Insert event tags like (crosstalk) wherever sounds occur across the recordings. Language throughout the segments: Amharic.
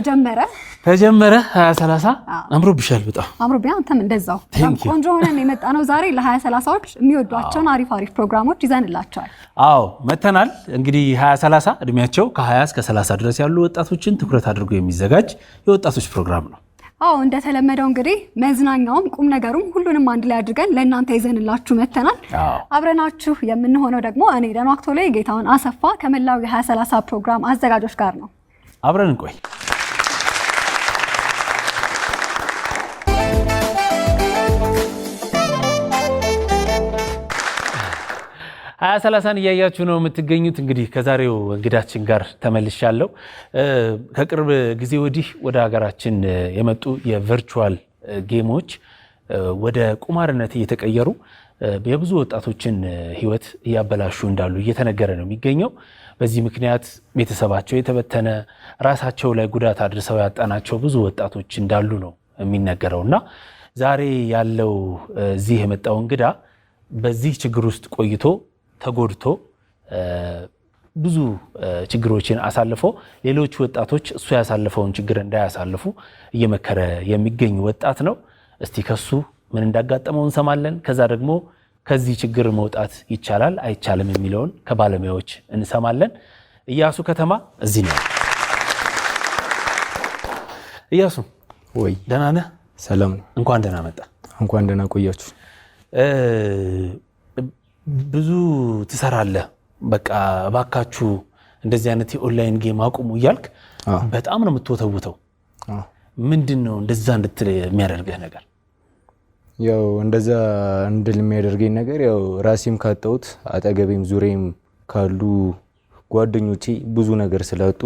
ከጀመረ ከጀመረ 20 30 አምሮብሻል። በጣም አምሮብኝ። አንተም እንደዛው ቆንጆ ሆነን የመጣ ነው ዛሬ ለ20 ዎች የሚወዷቸውን አሪፍ አሪፍ ፕሮግራሞች ይዘንላቸዋል። አዎ መተናል። እንግዲህ 20 እድሜያቸው ከ20 እስከ 30 ድረስ ያሉ ወጣቶችን ትኩረት አድርጎ የሚዘጋጅ የወጣቶች ፕሮግራም ነው። አዎ እንደተለመደው እንግዲህ መዝናኛውም ቁም ነገሩም ሁሉንም አንድ ላይ አድርገን ለእናንተ ይዘንላችሁ መተናል። አብረናችሁ የምንሆነው ደግሞ እኔ ደማክቶ ላይ ጌታውን አሰፋ ከመላው የ2030 ፕሮግራም አዘጋጆች ጋር ነው። አብረን እንቆይ። ሀያ ሰላሳን እያያችሁ ነው የምትገኙት። እንግዲህ ከዛሬው እንግዳችን ጋር ተመልሻለሁ። ከቅርብ ጊዜ ወዲህ ወደ ሀገራችን የመጡ የቨርቹዋል ጌሞች ወደ ቁማርነት እየተቀየሩ የብዙ ወጣቶችን ሕይወት እያበላሹ እንዳሉ እየተነገረ ነው የሚገኘው። በዚህ ምክንያት ቤተሰባቸው የተበተነ፣ ራሳቸው ላይ ጉዳት አድርሰው ያጣናቸው ብዙ ወጣቶች እንዳሉ ነው የሚነገረው እና ዛሬ ያለው እዚህ የመጣው እንግዳ በዚህ ችግር ውስጥ ቆይቶ ተጎድቶ ብዙ ችግሮችን አሳልፎ ሌሎች ወጣቶች እሱ ያሳለፈውን ችግር እንዳያሳልፉ እየመከረ የሚገኝ ወጣት ነው። እስቲ ከሱ ምን እንዳጋጠመው እንሰማለን። ከዛ ደግሞ ከዚህ ችግር መውጣት ይቻላል አይቻልም የሚለውን ከባለሙያዎች እንሰማለን። እያሱ ከተማ እዚህ ነው። እያሱ ወይ ደህና ነህ? ሰላም ነው። እንኳን ደህና መጣ። እንኳን ደህና ቆያችሁ። ብዙ ትሰራለህ። በቃ እባካችሁ እንደዚህ አይነት የኦንላይን ጌም አቁሙ እያልክ በጣም ነው የምትወተውተው። ምንድን ነው እንደዛ እንድትል የሚያደርገህ ነገር? ያው እንደዛ እንድል የሚያደርገኝ ነገር ያው ራሴም ካጣሁት አጠገቤም ዙሬም ካሉ ጓደኞቼ ብዙ ነገር ስላጡ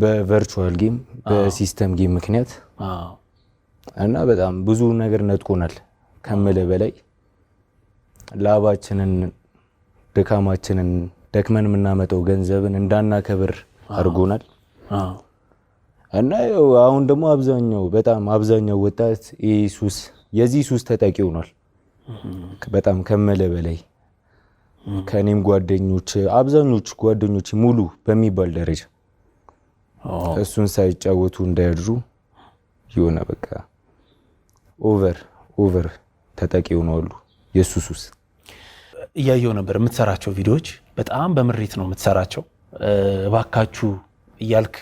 በቨርቹዋል ጌም በሲስተም ጌም ምክንያት እና በጣም ብዙ ነገር ነጥቆናል ከምልህ በላይ ላባችንን ድካማችንን ደክመን የምናመጠው ገንዘብን እንዳናከብር አድርጎናል እና ያው አሁን ደግሞ አብዛኛው በጣም አብዛኛው ወጣት ሱስ የዚህ ሱስ ተጠቂ ሆኗል። በጣም ከመለ በላይ ከእኔም ጓደኞች አብዛኞቹ ጓደኞች ሙሉ በሚባል ደረጃ እሱን ሳይጫወቱ እንዳያድሩ የሆነ በቃ ኦቨር ኦቨር ተጠቂ ሆነዋሉ የሱስ ሱስ እያየው ነበር የምትሰራቸው ቪዲዮዎች በጣም በምሬት ነው የምትሰራቸው። እባካችሁ እያልክ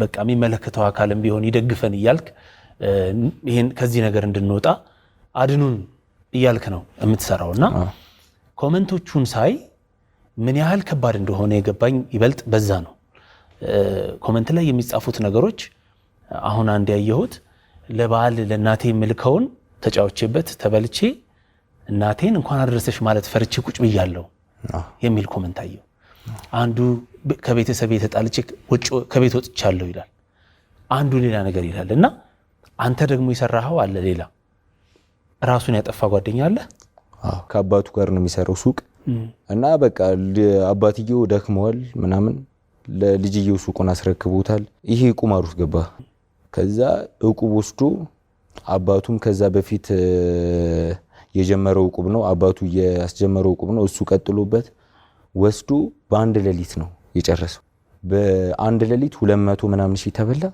በቃ የሚመለከተው አካልም ቢሆን ይደግፈን እያልክ ይሄን ከዚህ ነገር እንድንወጣ አድኑን እያልክ ነው የምትሰራው እና ኮመንቶቹን ሳይ ምን ያህል ከባድ እንደሆነ የገባኝ ይበልጥ በዛ ነው። ኮመንት ላይ የሚጻፉት ነገሮች አሁን አንድ ያየሁት ለበዓል ለእናቴ ምልከውን ተጫውቼበት ተበልቼ እናቴን እንኳን አደረሰሽ ማለት ፈርቼ ቁጭ ብያለሁ የሚል ኮመንት አየሁ። አንዱ ከቤተሰቤ ውጭ ከቤት ወጥቻለሁ ይላል፣ አንዱ ሌላ ነገር ይላል። እና አንተ ደግሞ የሰራኸው አለ ሌላ ራሱን ያጠፋ ጓደኛ አለ። ከአባቱ ጋር ነው የሚሰራው ሱቅ እና በቃ አባትየው ደክመዋል ምናምን ለልጅየው ሱቁን አስረክቦታል። ይሄ ቁማር ውስጥ ገባ። ከዛ እቁብ ወስዶ አባቱም ከዛ በፊት የጀመረው ቁብ ነው፣ አባቱ ያስጀመረው ቁብ ነው። እሱ ቀጥሎበት ወስዶ በአንድ ሌሊት ነው የጨረሰው። በአንድ ሌሊት ሁለት መቶ ምናምን ሺህ ተበላ፣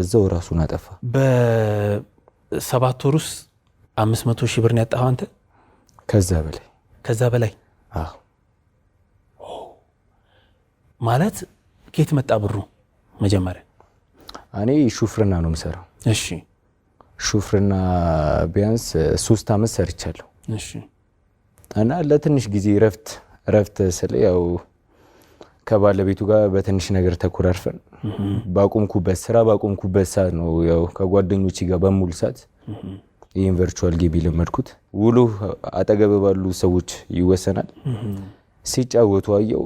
እዛው ራሱን አጠፋ። በሰባት ወር ውስጥ አምስት መቶ ሺህ ብር ነው ያጣኸው አንተ? ከዛ በላይ ከዛ በላይ ማለት ከየት መጣ ብሩ? መጀመሪያ እኔ ሹፍርና ነው የምሰራው። እሺ ሹፍርና ቢያንስ ሶስት አመት ሰርቻለሁ እና ለትንሽ ጊዜ ረፍት ረፍት ስለ ያው ከባለቤቱ ጋር በትንሽ ነገር ተኮራርፈን ባቆምኩበት ስራ ባቆምኩበት ሰዓት ነው ያው ከጓደኞች ጋር በሙሉ ሰዓት ይህን ቨርቹዋል ጌም የለመድኩት። ውሎ አጠገብ ባሉ ሰዎች ይወሰናል። ሲጫወቱ አየው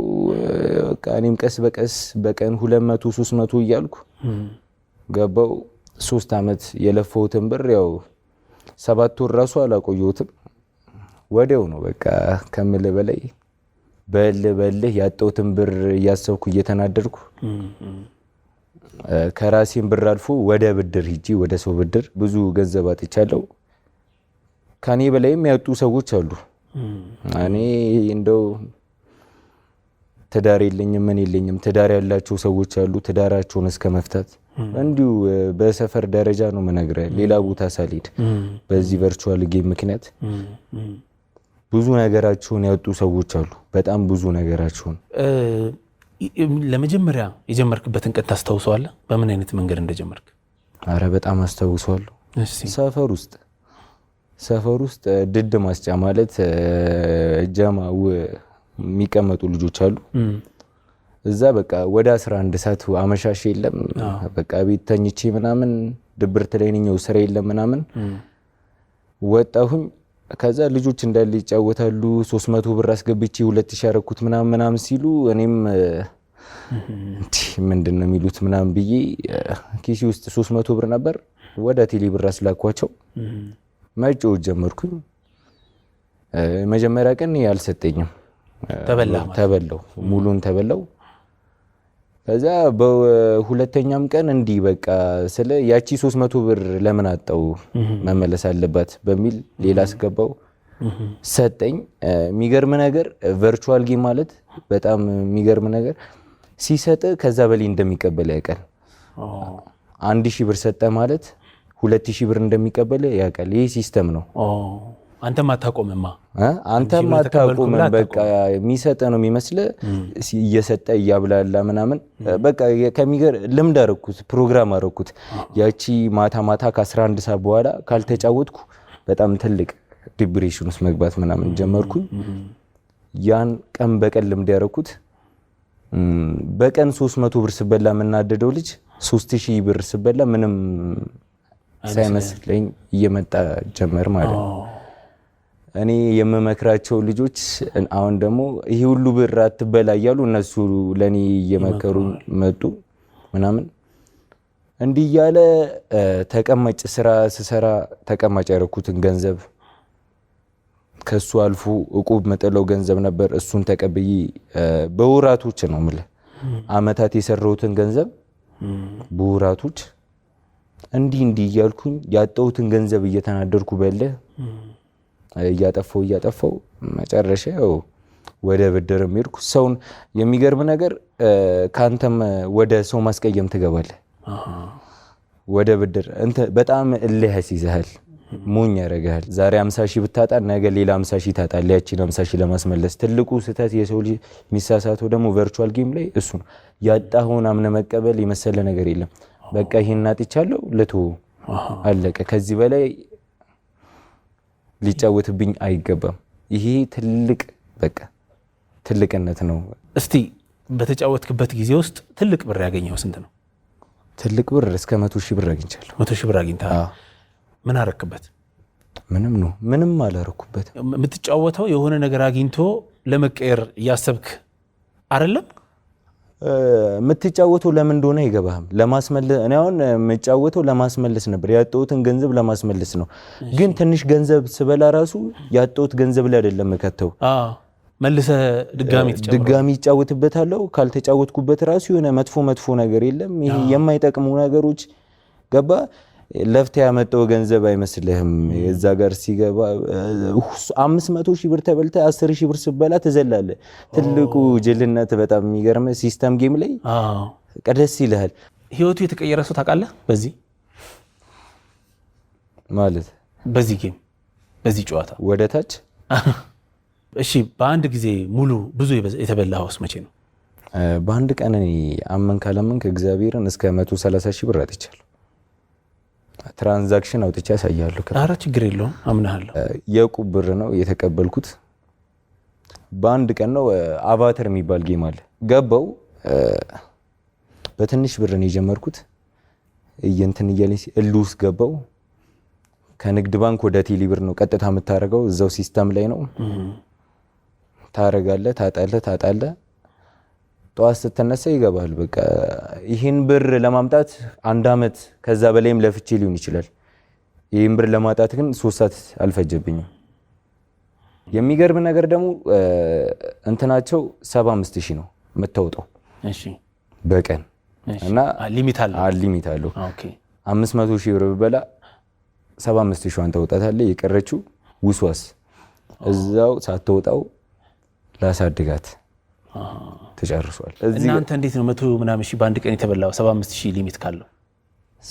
በቃ እኔም ቀስ በቀስ በቀን ሁለት መቶ ሶስት መቶ እያልኩ ገባው ሶስት ዓመት የለፈውትን ብር ያው ሰባት ወር ራሱ አላቆየሁትም። ወዲያው ነው በቃ ከምልህ በላይ በልህ በልህ ያጠውትን ብር እያሰብኩ እየተናደድኩ ከራሴን ብር አልፎ ወደ ብድር ሂጂ ወደ ሰው ብድር ብዙ ገንዘብ አጥቻለሁ። ከኔ በላይም ያጡ ሰዎች አሉ። እኔ እንደው ትዳር የለኝም ምን የለኝም፣ ትዳር ያላቸው ሰዎች አሉ ትዳራቸውን እስከ መፍታት እንዲሁ በሰፈር ደረጃ ነው የምነግርህ። ሌላ ቦታ ሳልሄድ በዚህ ቨርቹዋል ጌም ምክንያት ብዙ ነገራቸውን ያጡ ሰዎች አሉ። በጣም ብዙ ነገራቸውን። ለመጀመሪያ የጀመርክበትን ቀን ታስታውሰዋለህ? በምን አይነት መንገድ እንደጀመርክ? አረ በጣም አስታውሰዋለሁ። ሰፈር ውስጥ ሰፈር ውስጥ ድድ ማስጫ ማለት ጀማው የሚቀመጡ ልጆች አሉ እዛ በቃ ወደ 11 ሰዓት አመሻሽ የለም በቃ ቤት ተኝቼ ምናምን ድብርት ላይ ነኝ፣ ስራ የለም ምናምን ወጣሁኝ። ከዛ ልጆች እንዳለ ይጫወታሉ። 300 ብር አስገብቼ 2000 ያረኩት ምናምን ምናምን ሲሉ እኔም እንዲህ ምንድን ነው የሚሉት ምናምን ብዬ ኪሲ ውስጥ 300 ብር ነበር፣ ወደ ቴሌ ብር አስላኳቸው። መጮህ ጀመርኩኝ። መጀመሪያ ቀን አልሰጠኝም፣ ተበላሁ። ሙሉን ተበላው ከዛ በሁለተኛም ቀን እንዲህ በቃ ስለ ያቺ 300 ብር ለምን አጣው መመለስ አለባት በሚል ሌላ አስገባው ሰጠኝ። የሚገርም ነገር ቨርቹዋል ጌም ማለት በጣም የሚገርም ነገር ሲሰጥ ከዛ በላይ እንደሚቀበል ያውቃል። አንድ ሺህ ብር ሰጠ ማለት ሁለት ሺህ ብር እንደሚቀበል ያውቃል። ይህ ሲስተም ነው። አንተ ማታቆምማ አንተ ማታቆም በቃ የሚሰጠ ነው የሚመስል እየሰጠ እያብላላ ምናምን በቃ ከሚገር ልምድ አረኩት፣ ፕሮግራም አረኩት። ያቺ ማታ ማታ ከ11 ሰዓት በኋላ ካልተጫወትኩ በጣም ትልቅ ዲፕሬሽን ውስጥ መግባት ምናምን ጀመርኩኝ። ያን ቀን በቀን ልምድ ያረኩት። በቀን 300 ብር ስበላ የምናደደው ልጅ 3000 ብር ስበላ ምንም ሳይመስለኝ እየመጣ ጀመር ማለት ነው። እኔ የምመክራቸው ልጆች አሁን ደግሞ ይህ ሁሉ ብር አትበላ እያሉ እነሱ ለእኔ እየመከሩ መጡ ምናምን እንዲህ እያለ ተቀማጭ ስራ ስሰራ ተቀማጭ ያደረኩትን ገንዘብ ከሱ አልፎ እቁብ መጠለው ገንዘብ ነበር። እሱን ተቀብዬ በውራቶች ነው የምልህ አመታት የሰራሁትን ገንዘብ በውራቶች እንዲህ እንዲህ እያልኩኝ ያጣሁትን ገንዘብ እየተናደርኩ በለ። እያጠፋው እያጠፋው መጨረሻ ያው ወደ ብድር የሚሄድኩ ሰውን የሚገርም ነገር ከአንተም ወደ ሰው ማስቀየም ትገባለህ። ወደ ብድር እንተ በጣም እልህ ያስይዝሃል፣ ሞኝ ያደርግሃል። ዛሬ አምሳ ሺህ ብታጣ ነገ ሌላ አምሳ ሺህ ታጣለህ። ያቺን አምሳ ሺህ ለማስመለስ ትልቁ ስህተት የሰው ልጅ የሚሳሳተው ደግሞ ቨርቹዋል ጌም ላይ እሱ ነው። ያጣኸውን አምነህ መቀበል የመሰለ ነገር የለም። በቃ ይሄን አጥቻለሁ ልቶ አለቀ። ከዚህ በላይ ሊጫወትብኝ አይገባም። ይሄ ትልቅ በቃ ትልቅነት ነው። እስቲ በተጫወትክበት ጊዜ ውስጥ ትልቅ ብር ያገኘው ስንት ነው? ትልቅ ብር እስከ መቶ ሺህ ብር አግኝቻለሁ። መቶ ሺህ ብር አግኝታ ምን አረክበት? ምንም ነው፣ ምንም አላረኩበት። የምትጫወተው የሆነ ነገር አግኝቶ ለመቀየር እያሰብክ አይደለም የምትጫወተው ለምን እንደሆነ አይገባህም። ለማስመለስ እኔ አሁን የምጫወተው ለማስመለስ ነበር፣ ያጣሁትን ገንዘብ ለማስመለስ ነው። ግን ትንሽ ገንዘብ ስበላ ራሱ ያጣሁት ገንዘብ ላይ አይደለም ከተው መልሰ ድጋሚ ድጋሚ ይጫወትበታለሁ። ካልተጫወትኩበት ራሱ የሆነ መጥፎ መጥፎ ነገር የለም ይሄ የማይጠቅሙ ነገሮች ገባ ለፍተ ያመጣው ገንዘብ አይመስልህም። እዛ ጋር ሲገባ አምስት መቶ ሺህ ብር ተበልተ አስር ሺህ ብር ስበላ ትዘላለህ። ትልቁ ጅልነት በጣም የሚገርም ሲስተም ጌም ላይ ቀደስ ይልሃል። ህይወቱ የተቀየረ ሰው ታውቃለህ? በዚህ ማለት በዚህ ጌም በዚህ ጨዋታ ወደ ታች። (laughs) እሺ፣ በአንድ ጊዜ ሙሉ ብዙ የተበላኸውስ መቼ ነው? በአንድ ቀን እኔ አመን ካላመን ከእግዚአብሔርን እስከ መቶ ሰላሳ ሺህ ብር አጥቻለሁ። ትራንዛክሽን አውጥቻ ያሳያሉ። ኧረ ችግር የለውም አምናለሁ። የዕቁብ ብር ነው የተቀበልኩት። በአንድ ቀን ነው። አቫተር የሚባል ጌም አለ ገባው። በትንሽ ብር ነው የጀመርኩት። እየንትን እያለኝ እልውስ ገባው። ከንግድ ባንክ ወደ ቴሌብር ብር ነው ቀጥታ የምታደርገው። እዛው ሲስተም ላይ ነው ታረጋለ፣ ታጣለ፣ ታጣለ ጠዋት ስትነሳ ይገባል። በቃ ይህን ብር ለማምጣት አንድ አመት ከዛ በላይም ለፍቼ ሊሆን ይችላል። ይህን ብር ለማጣት ግን ሶስት ሰዓት አልፈጀብኝም። የሚገርም ነገር ደግሞ እንትናቸው ሰባ አምስት ሺህ ነው የምታወጣው በቀን እና ሊሚት አምስት መቶ ሺህ ብር ብበላ ሰባ አምስት ሺዋን የቀረችው ውስዋስ እዛው ሳትወጣው ላሳድጋት ተጨርሷል። እናንተ እንዴት ነው መቶ ምናምን ሺህ በአንድ ቀን የተበላው? 75 ሺህ ሊሚት ካለው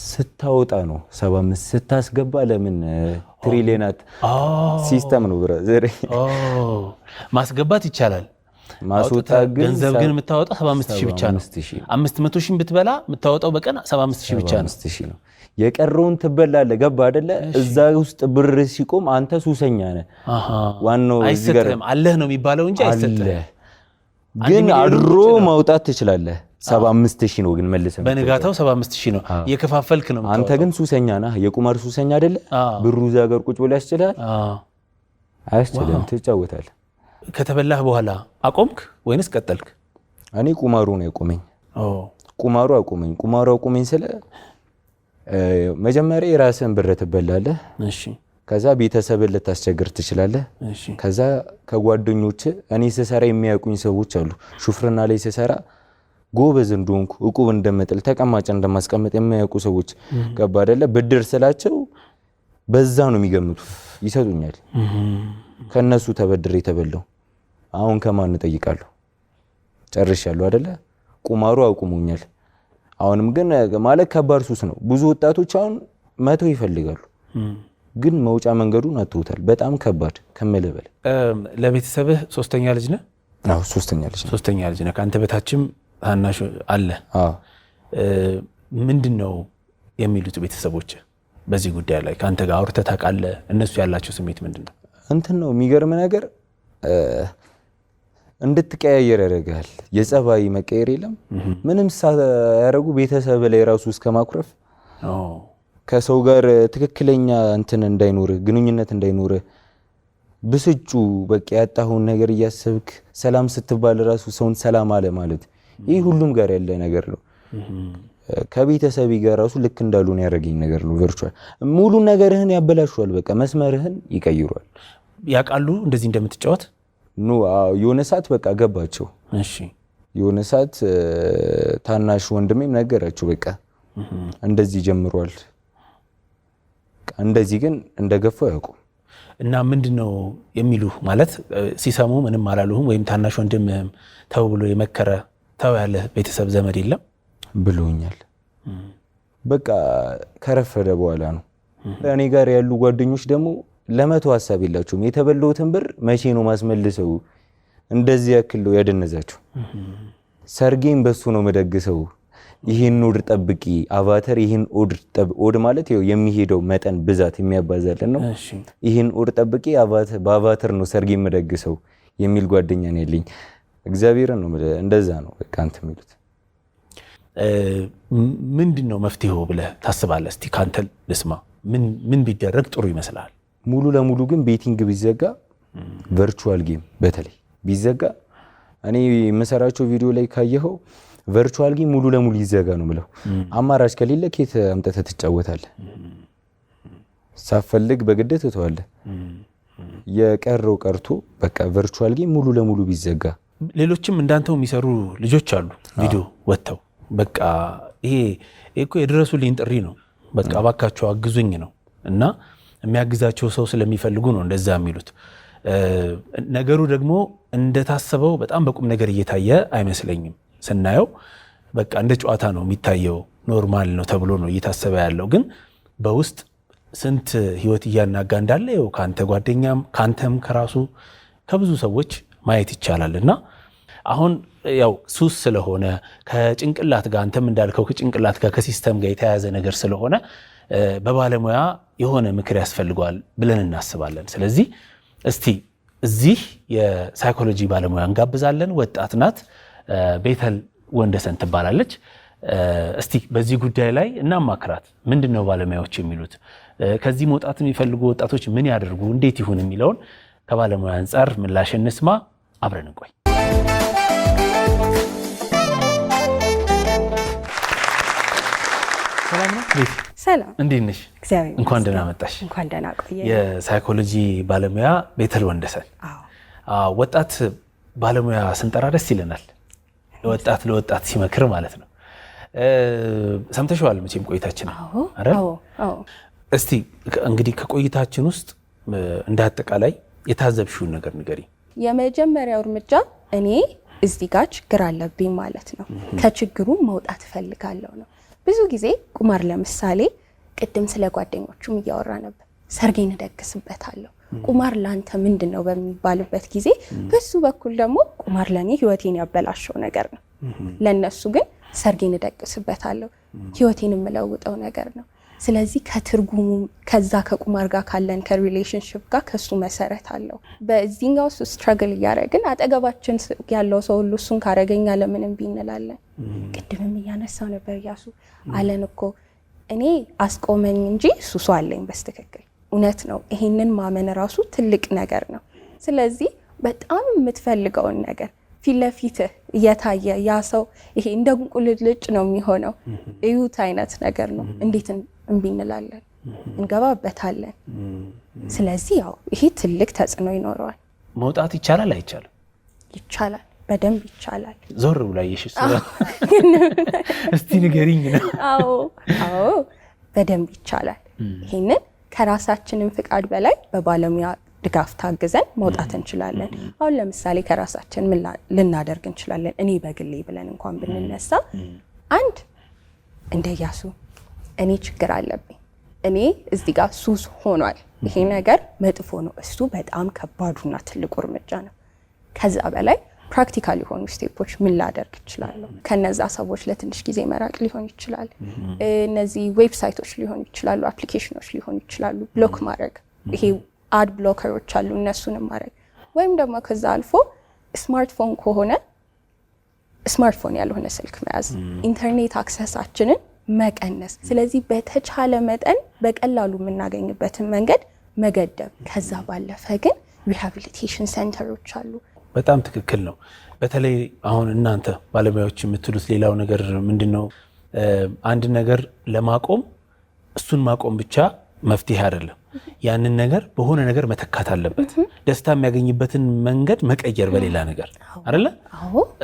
ስታወጣ ነው 75 ስታስገባ ለምን ትሪሊዮናት ሲስተም ነው ብራዘር። ማስገባት ይቻላል ማስወጣ ገንዘብ ግን የምታወጣው 75 ሺህ ብቻ ነው። 500 ሺህ ብትበላ የምታወጣው በቀን 75 ሺህ ብቻ ነው። የቀረውን ትበላለ። ገባ አይደለ? እዛ ውስጥ ብር ሲቆም አንተ ሱሰኛ ነህ። ዋናው አይሰጥህም አለህ ነው የሚባለው እንጂ አይሰጥህም ግን አድሮ ማውጣት ትችላለህ። 75000 ነው ግን መልሰህ በንጋታው 75 75000 ነው የከፋፈልክ ነው። አንተ ግን ሱሰኛ ነህ፣ የቁማር ሱሰኛ አይደለ? ብሩ እዛ ጋር ቁጭ ብሎ ያስችላል? አያስችልም። ትጫወታለህ። ከተበላህ በኋላ አቆምክ ወይንስ ቀጠልክ? እኔ ቁማሩ ነው ያቆመኝ። ቁማሩ አቆመኝ። ቁማሩ አቆመኝ ስለ መጀመሪያ የራስህን ብር ትበላለህ። እሺ ከዛ ቤተሰብን ልታስቸግር ትችላለህ። ከዛ ከጓደኞች እኔ ስሰራ የሚያውቁኝ ሰዎች አሉ። ሹፍርና ላይ ስሰራ ጎበዝ እንደሆንኩ እቁብ እንደምጥል ተቀማጭ እንደማስቀመጥ የሚያውቁ ሰዎች ገባ አይደለ? ብድር ስላቸው በዛ ነው የሚገምቱ፣ ይሰጡኛል። ከነሱ ተበድር የተበላው አሁን ከማን እጠይቃለሁ? ጨርሻለሁ አይደለ? ቁማሩ አቁሙኛል። አሁንም ግን ማለት ከባድ ሱስ ነው። ብዙ ወጣቶች አሁን መተው ይፈልጋሉ ግን መውጫ መንገዱን አትውታል። በጣም ከባድ ከመለበል ለቤተሰብህ ሶስተኛ ልጅ ነህ? ሶስተኛ ልጅ ሶስተኛ ልጅ ነህ። ከአንተ በታችም ታናሽ አለ። ምንድን ነው የሚሉት ቤተሰቦች በዚህ ጉዳይ ላይ ከአንተ ጋር አውርተህ ታውቃለህ? እነሱ ያላቸው ስሜት ምንድን ነው? እንትን ነው የሚገርም ነገር እንድትቀያየር ያደርጋል። የጸባይ መቀየር የለም ምንም ሳያደርጉ ቤተሰብ ላይ ራሱ እስከ ማኩረፍ ከሰው ጋር ትክክለኛ እንትን እንዳይኖርህ ግንኙነት እንዳይኖርህ ብስጩ በቃ ያጣሁን ነገር እያሰብክ ሰላም ስትባል ራሱ ሰውን ሰላም አለ ማለት ይህ ሁሉም ጋር ያለ ነገር ነው። ከቤተሰብ ጋር ራሱ ልክ ነው ያደረገኝ ነገር ነው። ቨርቹዋል ሙሉ ነገርህን ያበላሸዋል። በቃ መስመርህን ይቀይሯል። ያውቃሉ እንደዚህ እንደምትጫወት ኑ የሆነ ሰዓት በቃ ገባቸው። የሆነ ሰዓት ታናሽ ወንድሜም ነገራቸው በቃ እንደዚህ ጀምሯል እንደዚህ ግን እንደገፉ አያውቁም። እና ምንድን ነው የሚሉ ማለት ሲሰሙ ምንም አላሉሁም ወይም ታናሽ ወንድም ተው ብሎ የመከረ ተው ያለ ቤተሰብ ዘመድ የለም ብሎኛል። በቃ ከረፈደ በኋላ ነው። እኔ ጋር ያሉ ጓደኞች ደግሞ ለመቶ ሀሳብ የላቸውም። የተበለውትን ብር መቼ ነው ማስመልሰው? እንደዚህ ያክል ያደነዛቸው። ሰርጌን በሱ ነው መደግሰው ይህን ኦድር ጠብቂ አቫተር። ይህን ኦድ ማለት የሚሄደው መጠን ብዛት የሚያባዛልን ነው። ይህን ኦድ ጠብቂ በአቫተር ነው ሰርግ የምደግሰው የሚል ጓደኛ ነው ያለኝ። እግዚአብሔርን ነው እንደዛ ነው ከአንተ የሚሉት። ምንድን ነው መፍትሄው ብለህ ታስባለህ? እስቲ ከአንተ ልስማ። ምን ቢደረግ ጥሩ ይመስላል? ሙሉ ለሙሉ ግን ቤቲንግ ቢዘጋ፣ ቨርቹዋል ጌም በተለይ ቢዘጋ እኔ የምሰራቸው ቪዲዮ ላይ ካየኸው ቨርቹዋል ጌም ሙሉ ለሙሉ ይዘጋ ነው ብለው አማራጭ ከሌለ ኬት አምጥተህ ትጫወታለህ? ሳፈልግ በግድ ትተዋለህ። የቀረው ቀርቶ በቃ ቨርቹዋል ጌም ሙሉ ለሙሉ ቢዘጋ ሌሎችም እንዳንተው የሚሰሩ ልጆች አሉ። ቪዲዮ ወጥተው በቃ ይሄ እኮ የድረሱልኝ ጥሪ ነው፣ በቃ እባካቸው አግዙኝ ነው እና የሚያግዛቸው ሰው ስለሚፈልጉ ነው እንደዛ የሚሉት። ነገሩ ደግሞ እንደታሰበው በጣም በቁም ነገር እየታየ አይመስለኝም። ስናየው በቃ እንደ ጨዋታ ነው የሚታየው፣ ኖርማል ነው ተብሎ ነው እየታሰበ ያለው። ግን በውስጥ ስንት ህይወት እያናጋ እንዳለ ው ከአንተ ጓደኛም ከአንተም ከራሱ ከብዙ ሰዎች ማየት ይቻላል። እና አሁን ያው ሱስ ስለሆነ ከጭንቅላት ጋር አንተም እንዳልከው ከጭንቅላት ጋር ከሲስተም ጋር የተያያዘ ነገር ስለሆነ በባለሙያ የሆነ ምክር ያስፈልገዋል ብለን እናስባለን። ስለዚህ እስቲ እዚህ የሳይኮሎጂ ባለሙያ እንጋብዛለን። ወጣት ናት። ቤተል ወንደሰን ትባላለች። እስቲ በዚህ ጉዳይ ላይ እናማክራት። ምንድን ነው ባለሙያዎች የሚሉት? ከዚህ መውጣት የሚፈልጉ ወጣቶች ምን ያደርጉ፣ እንዴት ይሁን የሚለውን ከባለሙያ አንጻር ምላሽ እንስማ። አብረን እንቆይ። ሰላም፣ እንዴት ነሽ? እንኳን ደህና መጣሽ። የሳይኮሎጂ ባለሙያ ቤተል ወንደሰን። ወጣት ባለሙያ ስንጠራ ደስ ይለናል። ለወጣት ለወጣት ሲመክር ማለት ነው። ሰምተሽዋል መቼም ቆይታችን እስቲ እንግዲህ ከቆይታችን ውስጥ እንደ አጠቃላይ የታዘብሽውን ነገር ንገሪ። የመጀመሪያው እርምጃ እኔ እዚህ ጋር ችግር አለብኝ ማለት ነው፣ ከችግሩ መውጣት እፈልጋለሁ ነው። ብዙ ጊዜ ቁማር ለምሳሌ ቅድም ስለ ጓደኞቹም እያወራ ነበር። ሰርጌን እደግስበታለሁ ቁማር ለአንተ ምንድን ነው በሚባልበት ጊዜ በሱ በኩል ደግሞ ቁማር ለእኔ ህይወቴን ያበላሸው ነገር ነው። ለእነሱ ግን ሰርጌን እደቅስበታለሁ፣ ህይወቴን የምለውጠው ነገር ነው። ስለዚህ ከትርጉሙ ከዛ ከቁማር ጋር ካለን ከሪሌሽንሽፕ ጋር ከሱ መሰረት አለው። በዚህኛው እሱ ስትረግል እያደረግን አጠገባችን ያለው ሰው ሁሉ እሱን ካረገኛ ለምንም ቢንላለን። ቅድምም እያነሳው ነበር እያሱ አለን እኮ እኔ አስቆመኝ እንጂ ሱሱ አለኝ። በስትክክል እውነት ነው። ይሄንን ማመን ራሱ ትልቅ ነገር ነው። ስለዚህ በጣም የምትፈልገውን ነገር ፊት ለፊትህ እየታየ ያ ሰው ይሄ እንደ ቁልጭ ነው የሚሆነው። እዩት አይነት ነገር ነው። እንዴት እምቢ እንላለን? እንገባበታለን። ስለዚህ ያው ይሄ ትልቅ ተጽዕኖ ይኖረዋል። መውጣት ይቻላል አይቻልም? ይቻላል፣ በደንብ ይቻላል። ዞር ብላ (laughs) እስቲ ንገሪኝ ነው። አዎ አዎ፣ በደንብ ይቻላል። ይህንን ከራሳችንን ፍቃድ በላይ በባለሙያ ድጋፍ ታግዘን መውጣት እንችላለን። አሁን ለምሳሌ ከራሳችን ምን ልናደርግ እንችላለን? እኔ በግሌ ብለን እንኳን ብንነሳ አንድ እንደ ያሱ እኔ ችግር አለብኝ፣ እኔ እዚህ ጋር ሱስ ሆኗል፣ ይሄ ነገር መጥፎ ነው። እሱ በጣም ከባዱና ትልቁ እርምጃ ነው። ከዛ በላይ ፕራክቲካል የሆኑ ስቴፖች ምን ላደርግ እችላለሁ? ከነዛ ሰዎች ለትንሽ ጊዜ መራቅ ሊሆን ይችላል። እነዚህ ዌብሳይቶች ሊሆኑ ይችላሉ፣ አፕሊኬሽኖች ሊሆኑ ይችላሉ። ብሎክ ማድረግ ይሄ አድ ብሎከሮች አሉ እነሱንም ማድረግ ወይም ደግሞ ከዛ አልፎ ስማርትፎን ከሆነ ስማርትፎን ያልሆነ ስልክ መያዝ ኢንተርኔት አክሰሳችንን መቀነስ። ስለዚህ በተቻለ መጠን በቀላሉ የምናገኝበትን መንገድ መገደብ። ከዛ ባለፈ ግን ሪሃቢሊቴሽን ሴንተሮች አሉ። በጣም ትክክል ነው። በተለይ አሁን እናንተ ባለሙያዎች የምትሉት ሌላው ነገር ምንድን ነው? አንድ ነገር ለማቆም እሱን ማቆም ብቻ መፍትሄ አይደለም። ያንን ነገር በሆነ ነገር መተካት አለበት። ደስታ የሚያገኝበትን መንገድ መቀየር በሌላ ነገር አይደለ።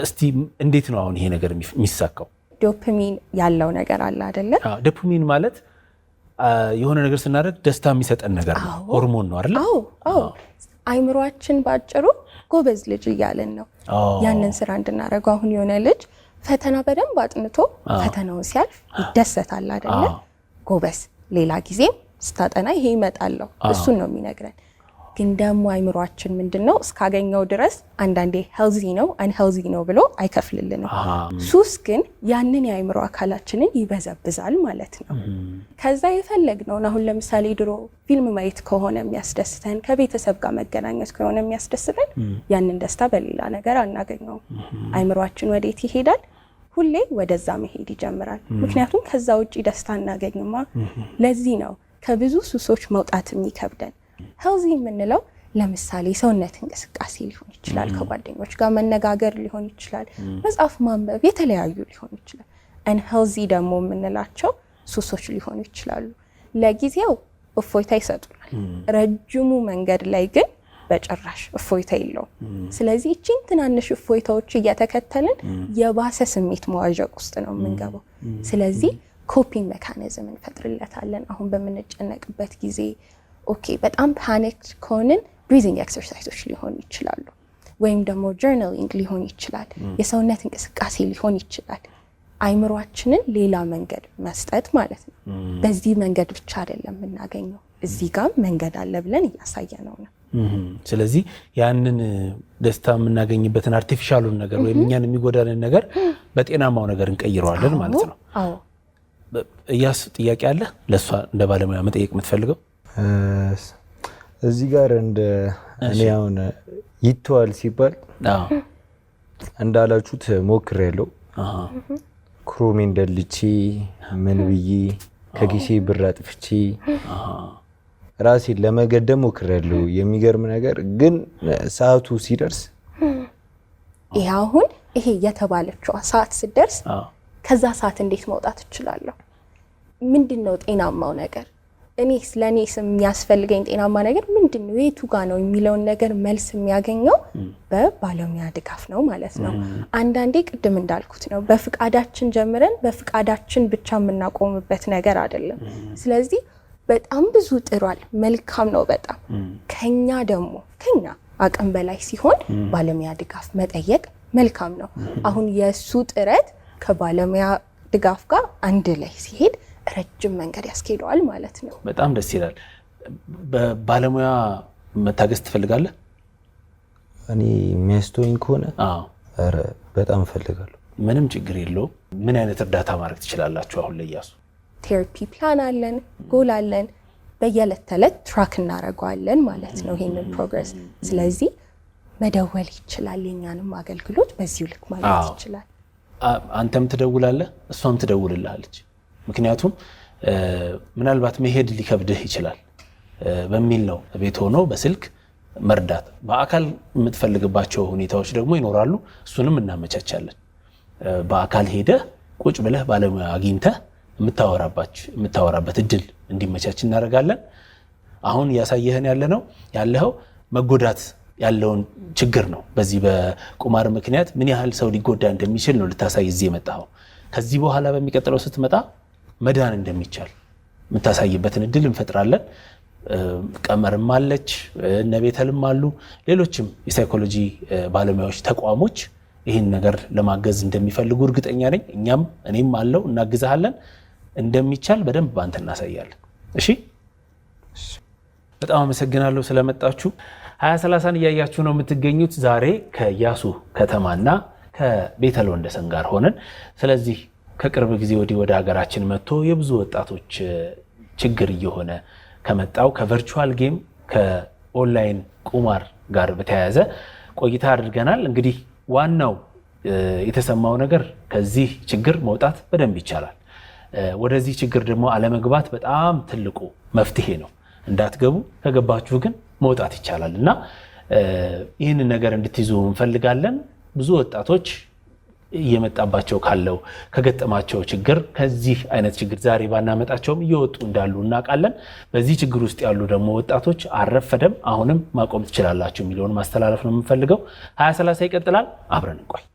እስቲ እንዴት ነው አሁን ይሄ ነገር የሚሳካው? ዶፕሚን ያለው ነገር አለ አደለ? ዶፕሚን ማለት የሆነ ነገር ስናደርግ ደስታ የሚሰጠን ነገር ነው፣ ሆርሞን ነው አለ። አይምሯችን ባጭሩ ጎበዝ ልጅ እያለን ነው ያንን ስራ እንድናደርገው። አሁን የሆነ ልጅ ፈተና በደንብ አጥንቶ ፈተናውን ሲያልፍ ይደሰታል አደለ? ጎበዝ ሌላ ጊዜም ስታጠና ይሄ ይመጣለሁ እሱን ነው የሚነግረን። ግን ደግሞ አይምሯችን ምንድን ነው እስካገኘው ድረስ አንዳንዴ ሄልዚ ነው አንሄልዚ ነው ብሎ አይከፍልልንም። ሱስ ግን ያንን የአይምሮ አካላችንን ይበዘብዛል ማለት ነው። ከዛ የፈለግነውን አሁን ለምሳሌ ድሮ ፊልም ማየት ከሆነ የሚያስደስተን፣ ከቤተሰብ ጋር መገናኘት ከሆነ የሚያስደስተን፣ ያንን ደስታ በሌላ ነገር አናገኘውም። አይምሯችን ወዴት ይሄዳል? ሁሌ ወደዛ መሄድ ይጀምራል። ምክንያቱም ከዛ ውጭ ደስታ አናገኝማ። ለዚህ ነው ከብዙ ሱሶች መውጣት የሚከብደን ሄልዚ የምንለው ለምሳሌ ሰውነት እንቅስቃሴ ሊሆን ይችላል፣ ከጓደኞች ጋር መነጋገር ሊሆን ይችላል፣ መጽሐፍ ማንበብ የተለያዩ ሊሆን ይችላል። እን ሄልዚ ደግሞ የምንላቸው ሱሶች ሊሆኑ ይችላሉ። ለጊዜው እፎይታ ይሰጡናል። ረጅሙ መንገድ ላይ ግን በጭራሽ እፎይታ የለውም። ስለዚህ እቺን ትናንሽ እፎይታዎች እየተከተልን የባሰ ስሜት መዋዠቅ ውስጥ ነው የምንገባው። ስለዚህ ኮፒንግ ሜካኒዝም እንፈጥርለታለን። አሁን በምንጨነቅበት ጊዜ ኦኬ፣ በጣም ፓኒክ ከሆንን ብሪዚንግ ኤክሰርሳይዞች ሊሆኑ ይችላሉ፣ ወይም ደግሞ ጆርናሊንግ ሊሆን ይችላል፣ የሰውነት እንቅስቃሴ ሊሆን ይችላል። አይምሯችንን ሌላ መንገድ መስጠት ማለት ነው። በዚህ መንገድ ብቻ አይደለም የምናገኘው፣ እዚህ ጋም መንገድ አለ ብለን እያሳየ ነው ነው ስለዚህ ያንን ደስታ የምናገኝበትን አርቲፊሻሉን ነገር ወይም እኛን የሚጎዳንን ነገር በጤናማው ነገር እንቀይረዋለን ማለት ነው። እያስ ጥያቄ አለ ለእሷ እንደ ባለሙያ መጠየቅ የምትፈልገው እዚህ ጋር እንደ እኔ አሁን ይተዋል ሲባል እንዳላችሁት ሞክር ያለው ክሮሚ እንደልቺ፣ ምን ብዬ ከጊሴ ብር አጥፍቼ ራሴን ለመገደም ሞክር ያለው። የሚገርም ነገር ግን ሰዓቱ ሲደርስ ይህ አሁን ይሄ የተባለችዋ ሰዓት ስትደርስ ከዛ ሰዓት እንዴት መውጣት እችላለሁ? ምንድን ነው ጤናማው ነገር እኔስ ስም የሚያስፈልገኝ ጤናማ ነገር ምንድን ነው የቱ ጋ ነው የሚለውን ነገር መልስ የሚያገኘው በባለሙያ ድጋፍ ነው ማለት ነው። አንዳንዴ ቅድም እንዳልኩት ነው በፍቃዳችን ጀምረን በፍቃዳችን ብቻ የምናቆምበት ነገር አይደለም። ስለዚህ በጣም ብዙ ጥሯል፣ መልካም ነው በጣም ከኛ ደግሞ ከኛ አቅም በላይ ሲሆን ባለሙያ ድጋፍ መጠየቅ መልካም ነው። አሁን የእሱ ጥረት ከባለሙያ ድጋፍ ጋር አንድ ላይ ሲሄድ ረጅም መንገድ ያስኬደዋል ማለት ነው። በጣም ደስ ይላል። በባለሙያ መታገዝ ትፈልጋለህ? እኔ የሚያስተወኝ ከሆነ በጣም እፈልጋለሁ። ምንም ችግር የለውም። ምን አይነት እርዳታ ማድረግ ትችላላችሁ? አሁን ላይ ያሱ ቴራፒ ፕላን አለን፣ ጎል አለን። በየዕለት ተዕለት ትራክ እናደርገዋለን ማለት ነው ይህንን ፕሮግረስ። ስለዚህ መደወል ይችላል፣ የኛንም አገልግሎት በዚሁ ልክ ማለት ይችላል። አንተም ትደውላለህ፣ እሷም ትደውልልሃለች። ምክንያቱም ምናልባት መሄድ ሊከብድህ ይችላል በሚል ነው ቤት ሆኖ በስልክ መርዳት። በአካል የምትፈልግባቸው ሁኔታዎች ደግሞ ይኖራሉ። እሱንም እናመቻቻለን። በአካል ሄደህ ቁጭ ብለህ ባለሙያ አግኝተህ የምታወራበት እድል እንዲመቻች እናደርጋለን። አሁን እያሳየህን ያለ ነው ያለኸው መጎዳት ያለውን ችግር ነው። በዚህ በቁማር ምክንያት ምን ያህል ሰው ሊጎዳ እንደሚችል ነው ልታሳይ እዚህ የመጣኸው። ከዚህ በኋላ በሚቀጥለው ስትመጣ መዳን እንደሚቻል የምታሳይበትን እድል እንፈጥራለን። ቀመርም አለች፣ እነቤተልም አሉ፣ ሌሎችም የሳይኮሎጂ ባለሙያዎች ተቋሞች ይህን ነገር ለማገዝ እንደሚፈልጉ እርግጠኛ ነኝ። እኛም እኔም አለው እናግዛሃለን። እንደሚቻል በደንብ በአንተ እናሳያለን። እሺ፣ በጣም አመሰግናለሁ ስለመጣችሁ። ሀያ ሰላሳን እያያችሁ ነው የምትገኙት። ዛሬ ከያሱ ከተማና ከቤተል ወንደሰን ጋር ሆነን ስለዚህ ከቅርብ ጊዜ ወዲህ ወደ ሀገራችን መጥቶ የብዙ ወጣቶች ችግር እየሆነ ከመጣው ከቨርቹዋል ጌም ከኦንላይን ቁማር ጋር በተያያዘ ቆይታ አድርገናል። እንግዲህ ዋናው የተሰማው ነገር ከዚህ ችግር መውጣት በደንብ ይቻላል። ወደዚህ ችግር ደግሞ አለመግባት በጣም ትልቁ መፍትሄ ነው። እንዳትገቡ፣ ከገባችሁ ግን መውጣት ይቻላል እና ይህንን ነገር እንድትይዙ እንፈልጋለን ብዙ ወጣቶች እየመጣባቸው ካለው ከገጠማቸው ችግር ከዚህ አይነት ችግር ዛሬ ባናመጣቸውም እየወጡ እንዳሉ እናውቃለን። በዚህ ችግር ውስጥ ያሉ ደግሞ ወጣቶች አረፈደም አሁንም ማቆም ትችላላችሁ የሚለውን ማስተላለፍ ነው የምንፈልገው። ሀያ ሰላሳ ይቀጥላል። አብረን እንቆይ።